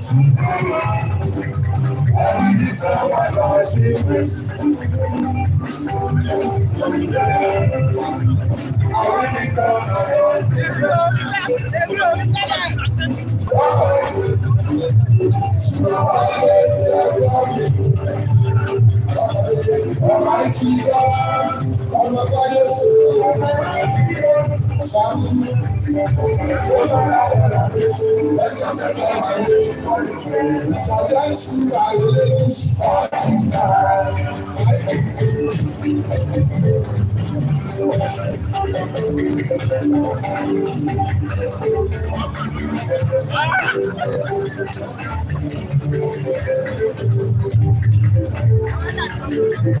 sí. Ẹni tó wà lọ sí Jésù. Àwọn ènìyàn náà lọ sí Jésù. Ṣùgbọ́n wọ́n lè ṣe ẹgbẹ́ mi. Almighty God, ọmọ káyọ̀ ṣe sáré. Ó dára dára pé ẹsẹ̀ ṣẹ̀ṣẹ̀ wà ní ìsàjẹ́sì àìlè ní Áfíríkà. Thank you.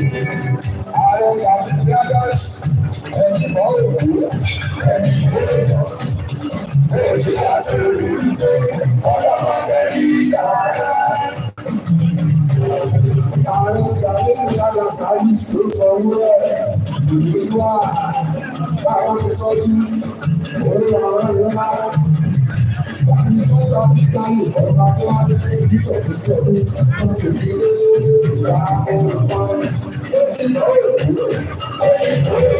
ààrẹ yàtí tí a dá ẹni mọ́ òkú ẹni kó lọ. Bẹ́ẹ̀ ṣe láti orí ìdíje ọ̀dọ́ máa jẹ́ kí kàkà. Ààrẹ yàtí tí a dá sáyé ló sọ wúrẹ́ ìlú wa báwọn ti tọ́jú orí àwọn ìlera. Tàbí tó lọ bí báyìí ọ̀gá Hallelujah. Hallelujah.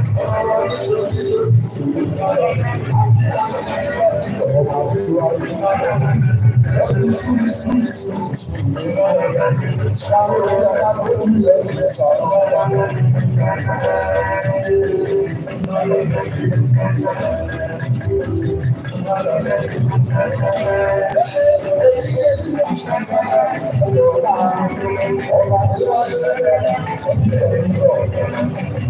ọ̀rọ̀ Thank you.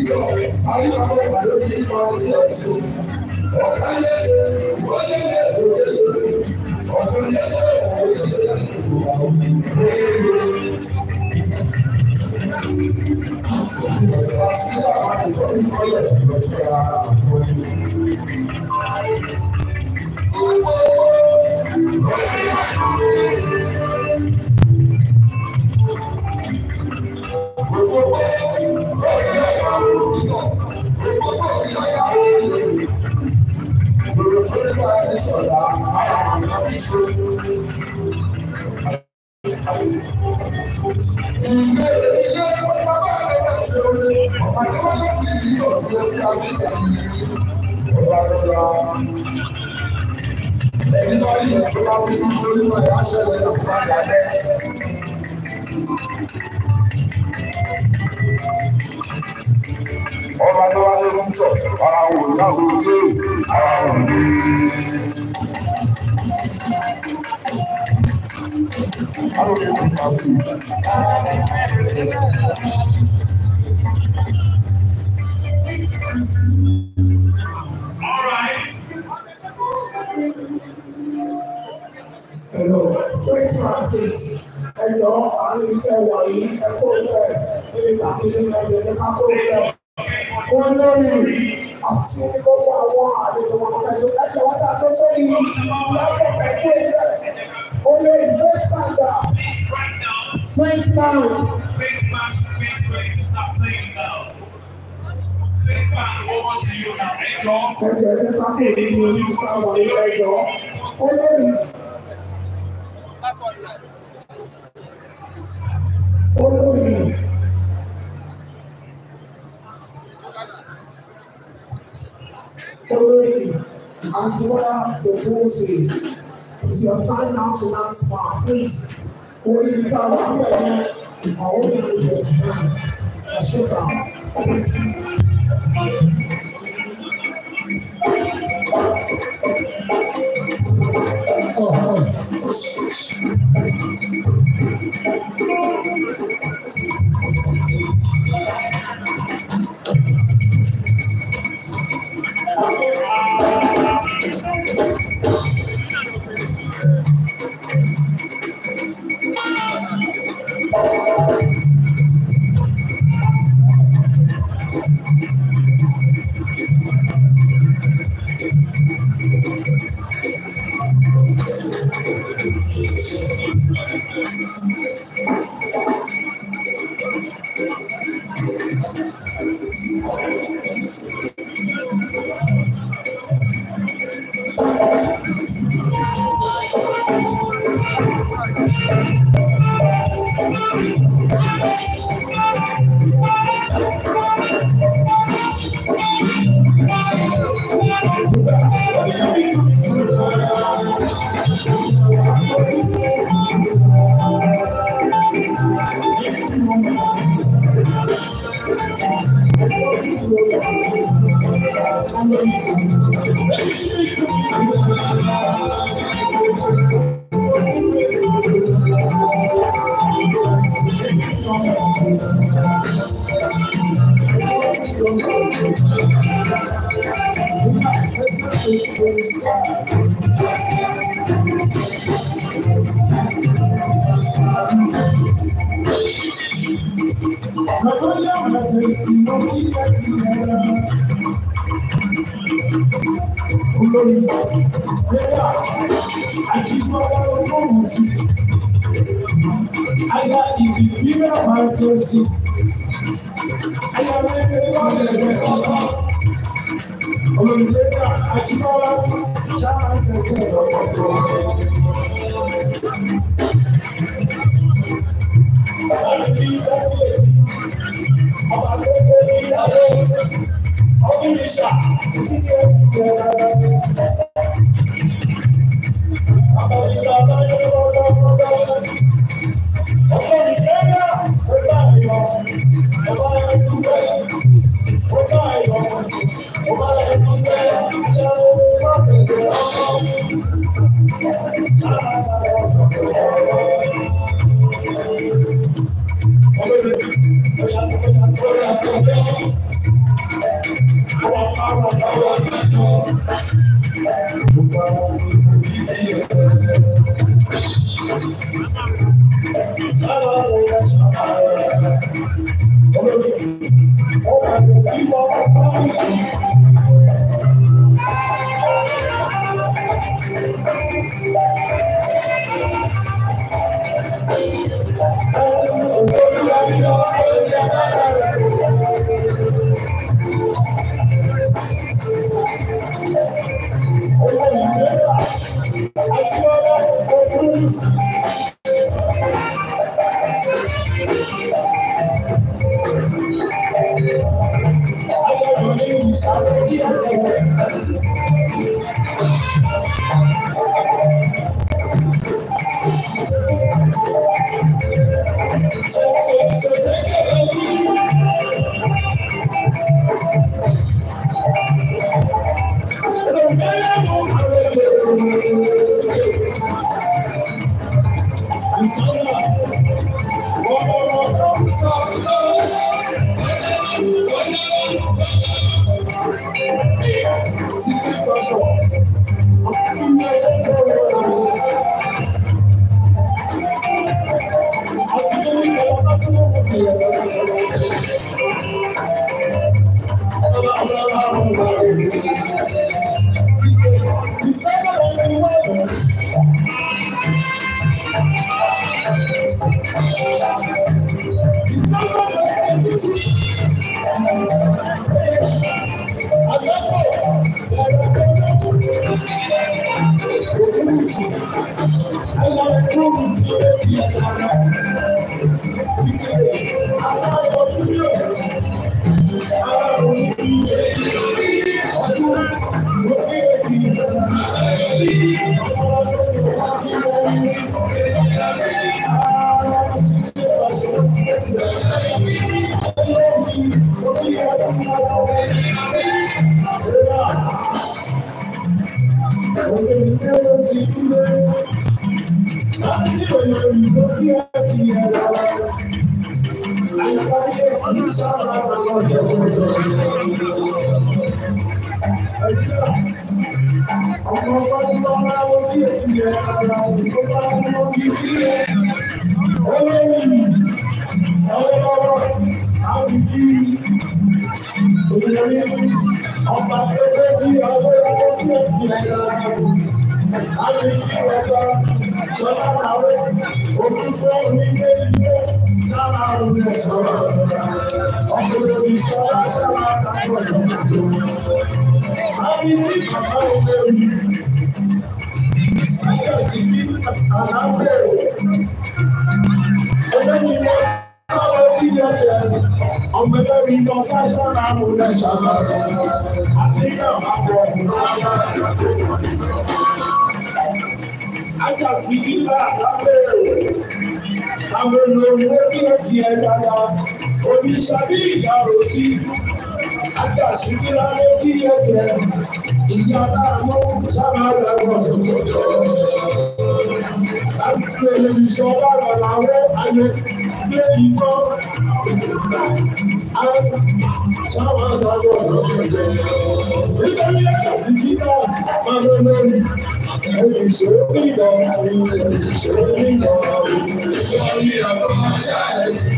ìlọ ayélujára ìpàdé ní kíkọ ní ọ̀tún ọ̀ká yẹ wọ́n yẹ yẹ òkè lòdì ọ̀tún yẹ yẹ òkè lòdì òkè lòdì. Thank you. faith man please ẹ jọ àwọn ibi tẹ wà yìí ẹ kó bẹ́ẹ̀ níbi tàbí nínú ẹgbẹ́ ẹ ká kó bẹ́ẹ̀ wọn lórí àti gbogbo àwọn àlejò wọn fẹẹ jọ ẹ jọ wọn tà tó sórí láfọ ẹ kó bẹ́ẹ̀ wọn lórí faith man dà faith man. Faith man, over to you now. Ẹ jọ. Ẹ jọ ẹ jẹ́ ká kó o ní orí ìtawọ̀ yìí ẹ jọ. Ó lórí olórí olórí Adéwọlá Ògúnwùsì is your time now to dance for please orí mi ta wà pẹ̀lú àwọn ènìyàn náà ẹ ṣe sá. Thank you. olórí lẹ́yà àjùmọ̀ ọlọ́run sí àyà ìsìnkúrẹ́ máa tó sí àyà mẹ́rin lọ́lẹ̀lẹ̀ ọ̀tọ̀ olórí lẹ́yà àjùmọ̀ ṣáà ń tẹ̀sẹ̀ lọ́kọ̀ọ̀kọ̀. Ọba tó ń bí kábíyèsí, ọba tó ń bí abẹ́ ọdún mi ṣá kí ni ó kú lọ. àbẹ̀yìn bàbá yẹn lọ́dọ̀ lọ́dọ̀ ọ̀pọ̀ nìkẹ́ńdà ó bá mi fi ní bàbá òde òní. Ayé sì ní àlàáfẹ́ o. Ẹgbẹ́ mi lọ sọ́wọ́ bí ẹ̀jẹ̀ ọmọ ẹgbẹ́ mi lọ sáṣá náà mo lẹ̀ ṣàlàyé. Àníyàn máa bọ̀ ọ̀hún Ajá sì ní àlàáfẹ́ o. Àwọn olórí ìyá aláàmọ́ sábà rẹ̀ ọ̀rọ̀ tó ń bọ̀. Àbúrò ìṣọ́ bàbà làwọn ayé gbé ìtọ́. Sábà rẹ̀ ọ̀rọ̀ tó ń bọ̀. Nítorí ẹ̀ka sí kíkà máa ń lórí. Olùṣòro ìgbà, olùṣòro ìgbà, olùṣòro ìgbà, olùṣòro ìgbà.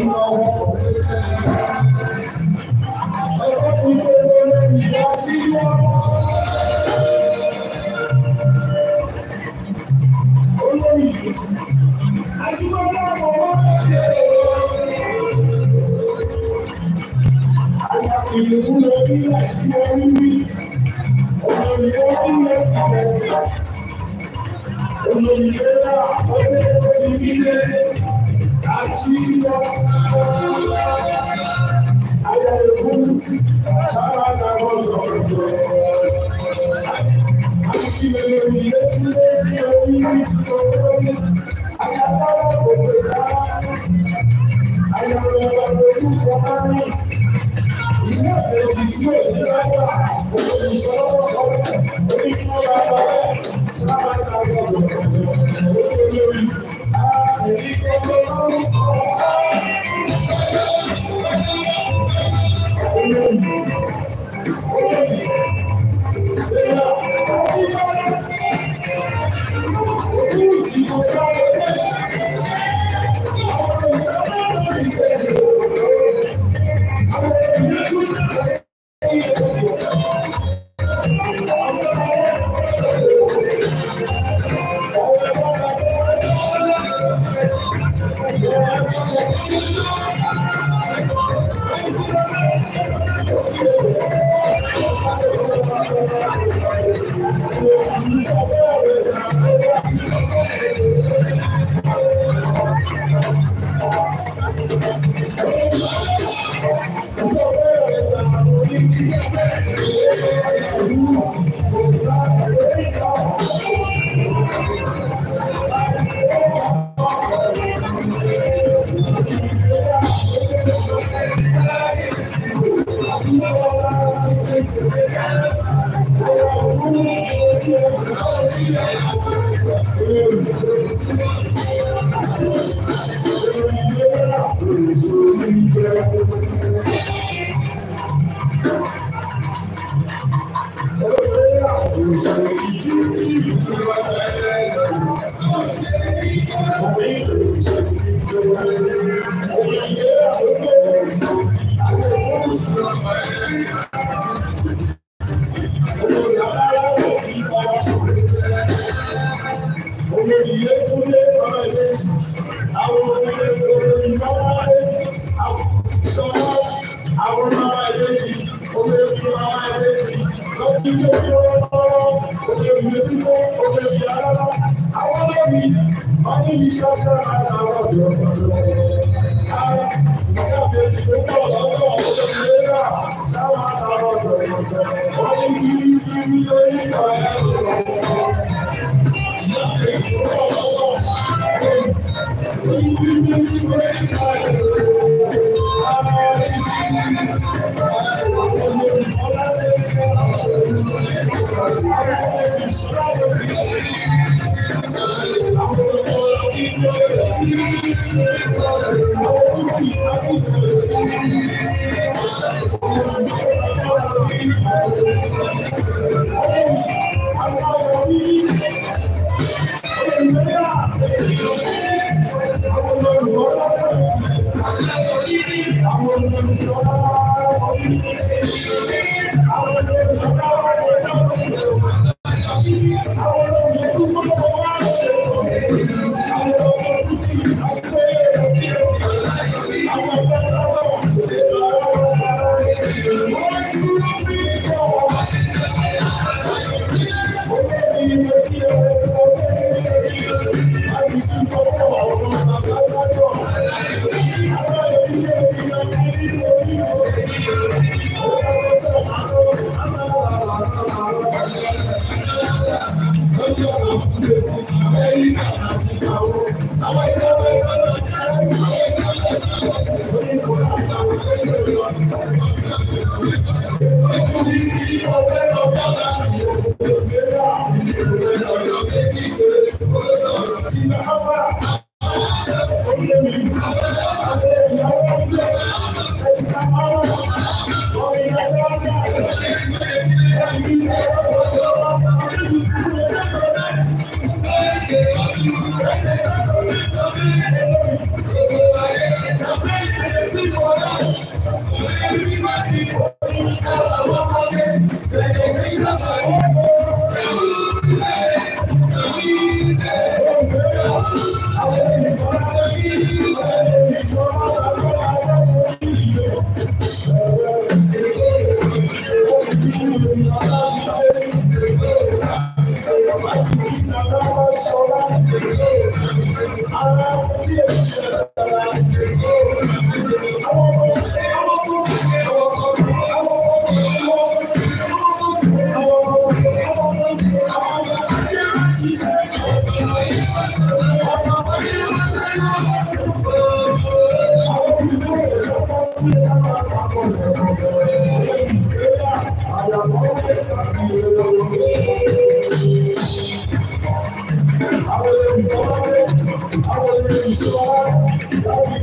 não Então, Tira it.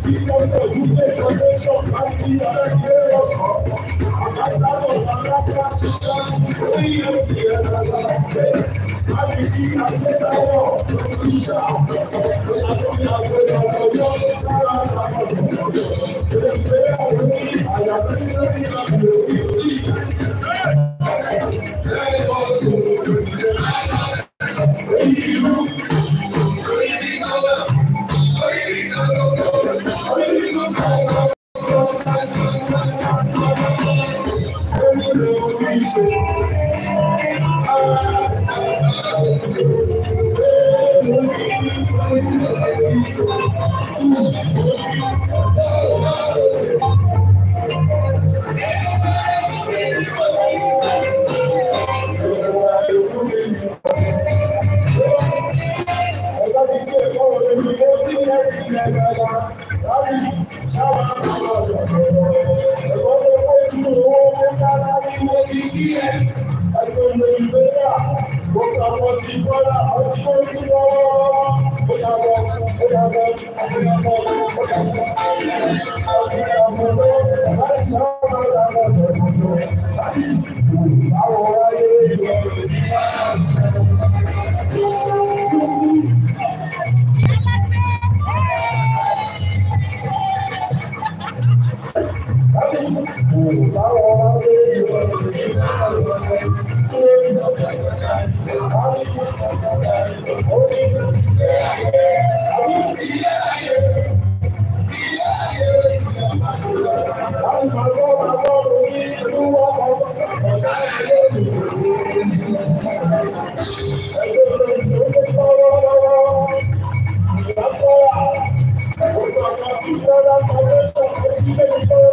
Even though you make a nation like the other heroes, Amasado Baraka Shikari, we know the other like Abidi Adetayo, Isha, Adonai Adonai Thank you.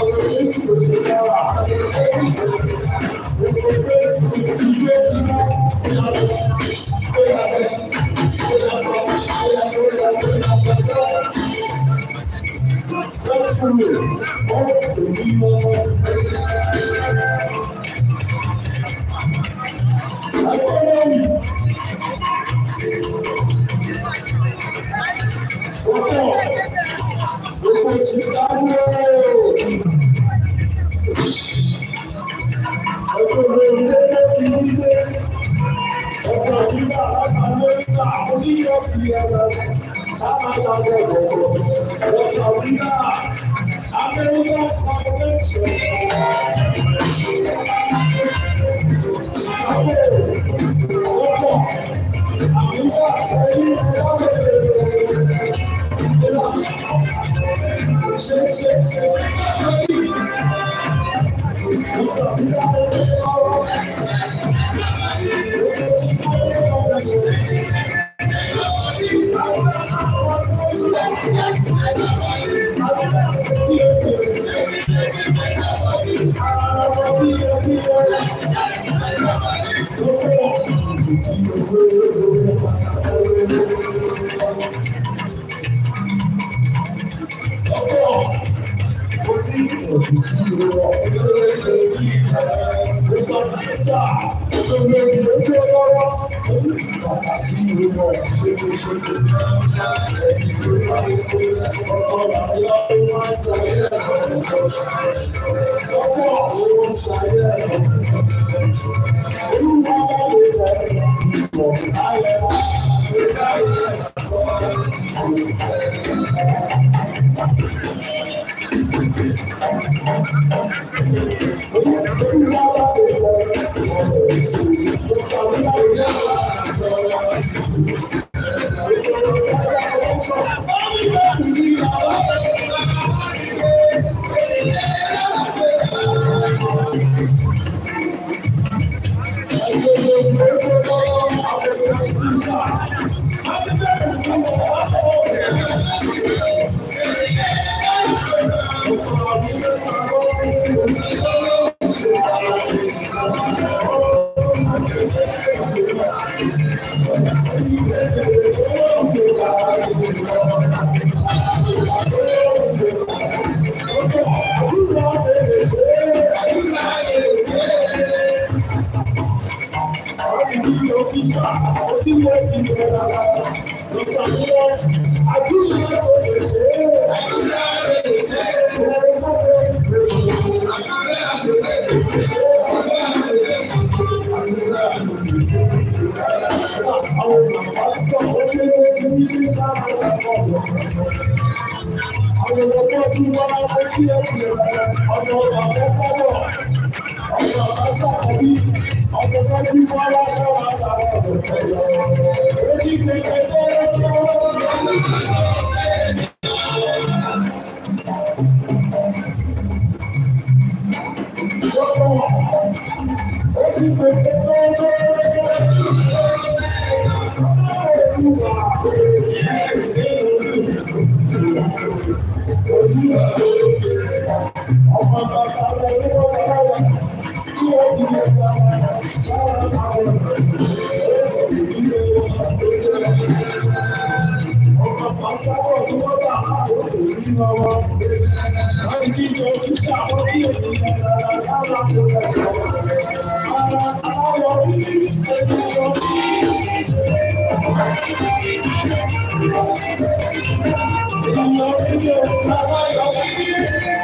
Thank you. lọ́wọ́. Àwọn ìdíje ojú ṣàwọn bí ènìyàn rárá sábà kò lọ sọ. Ara àwọ̀ bí ènìyàn bí. Ènìyàn bí yóò bàbá yọ̀ bí.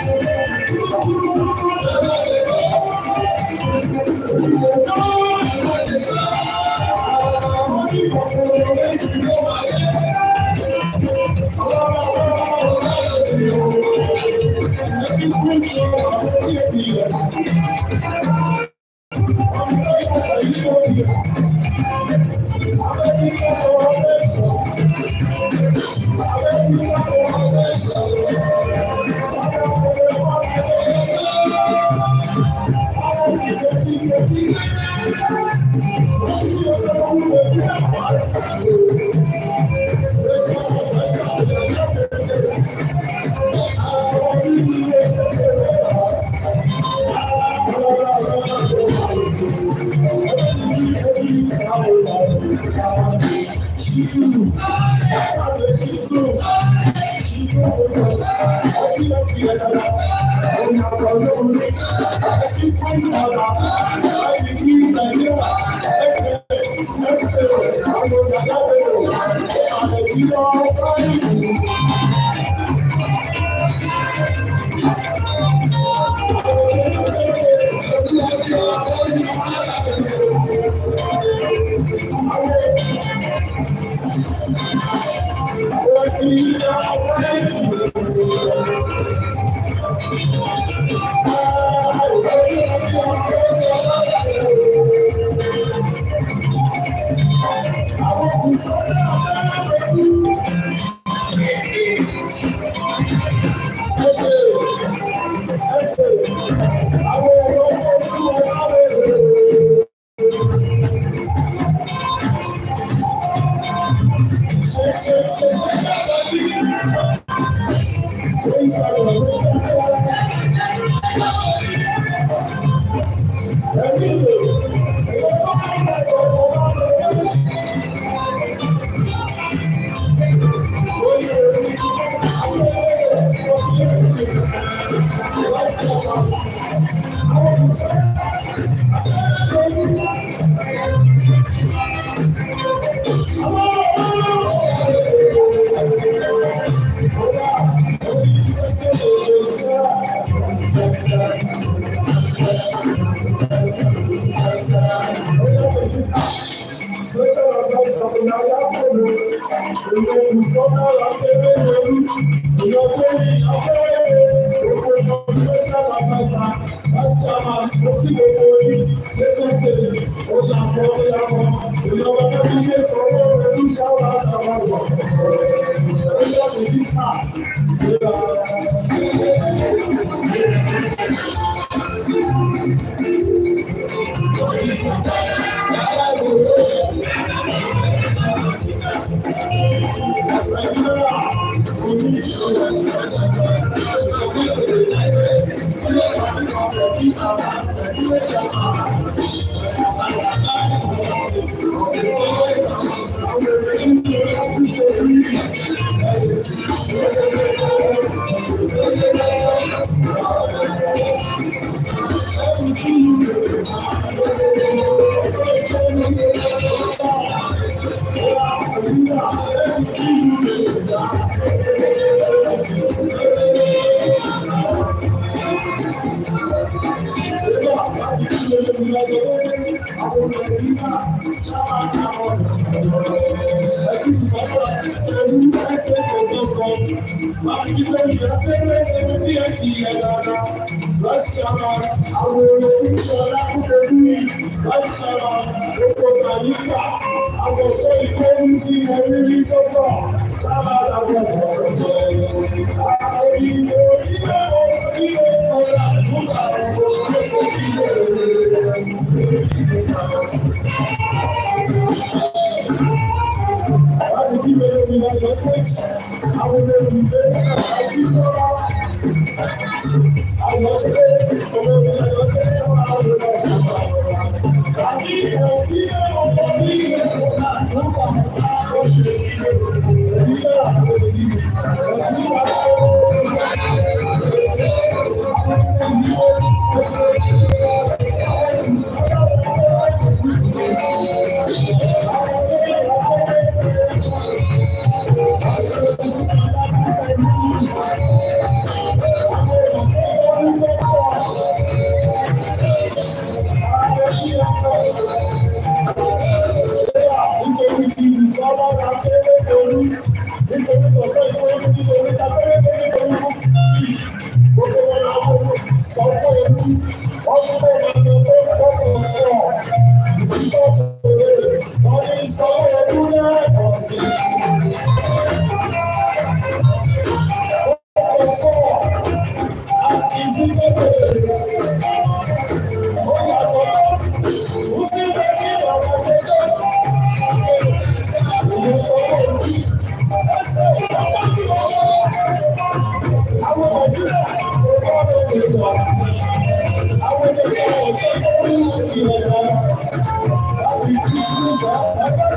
Rasta man, I will be sure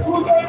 That's what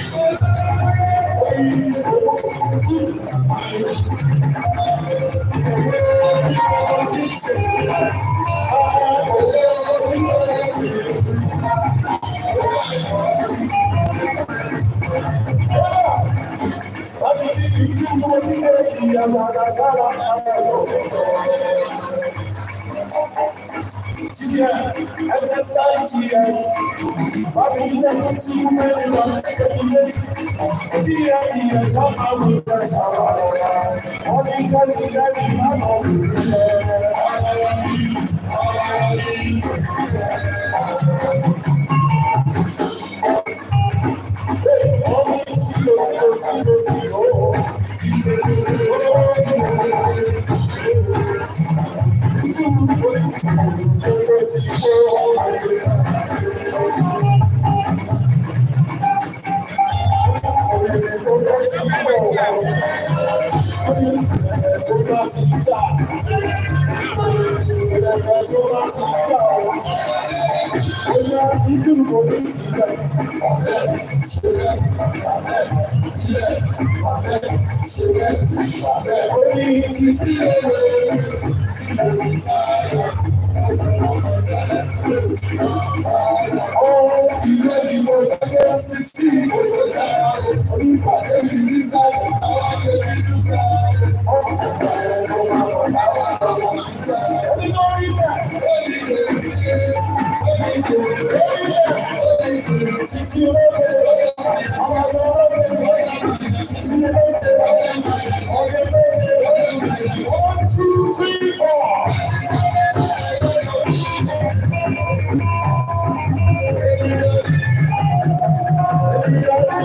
Thank you. Abidjan ti wúwo ní lọ́lẹ́kẹ̀ ilé. Díẹ̀ ìyẹn sábà wò lẹ́sà wà lọ́la. Wọ́n ní kẹ́ni kẹ́ni má lọ. ti jà.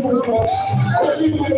Thank you.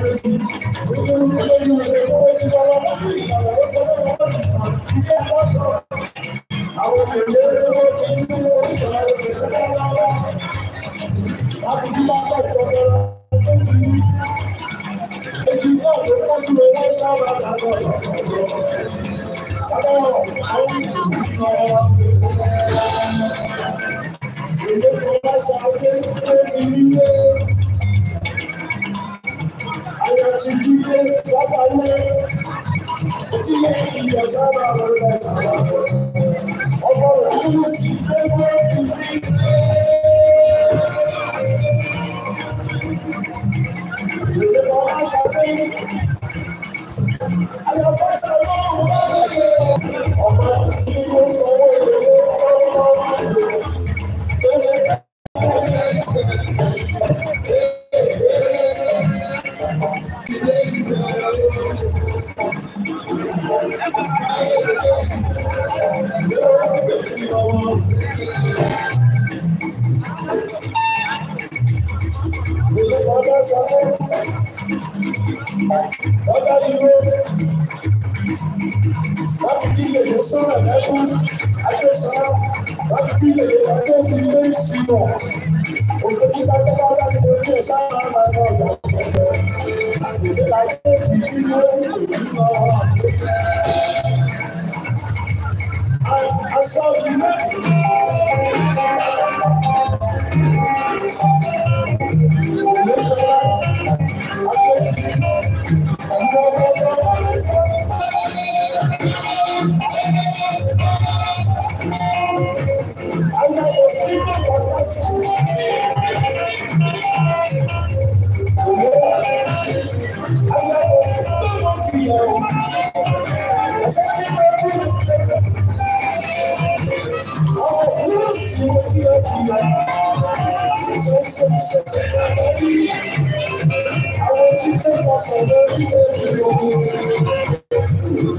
Thank you. I want to thank for some you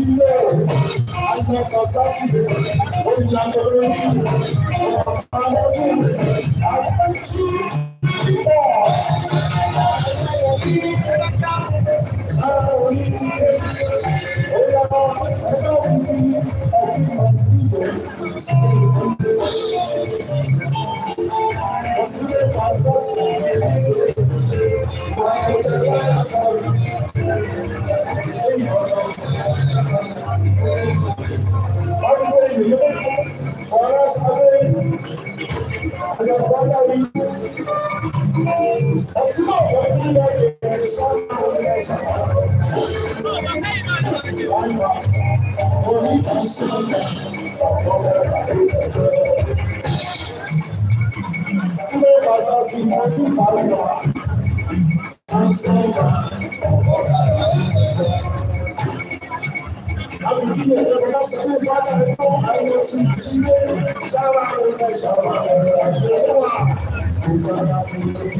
ilé àgbẹ̀ fasasi olùyàtọ̀ lórí ọ̀pá lọ́dún àgbẹ̀tú. Thank you.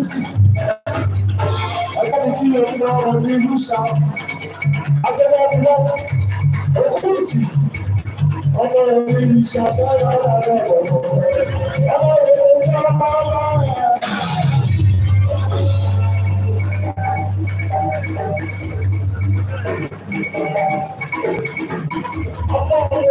ẹgbẹ́ kí ọmọ ọmọ ní ìlú ṣá akẹ́kọ̀ọ́ ọmọ ọkùnrin sì ọmọ ọmọ ní ìlú ṣá ṣáyà ọ̀dà ọ̀dọ̀ ọmọ ọmọ ní ọmọ ọmọ. Thank you.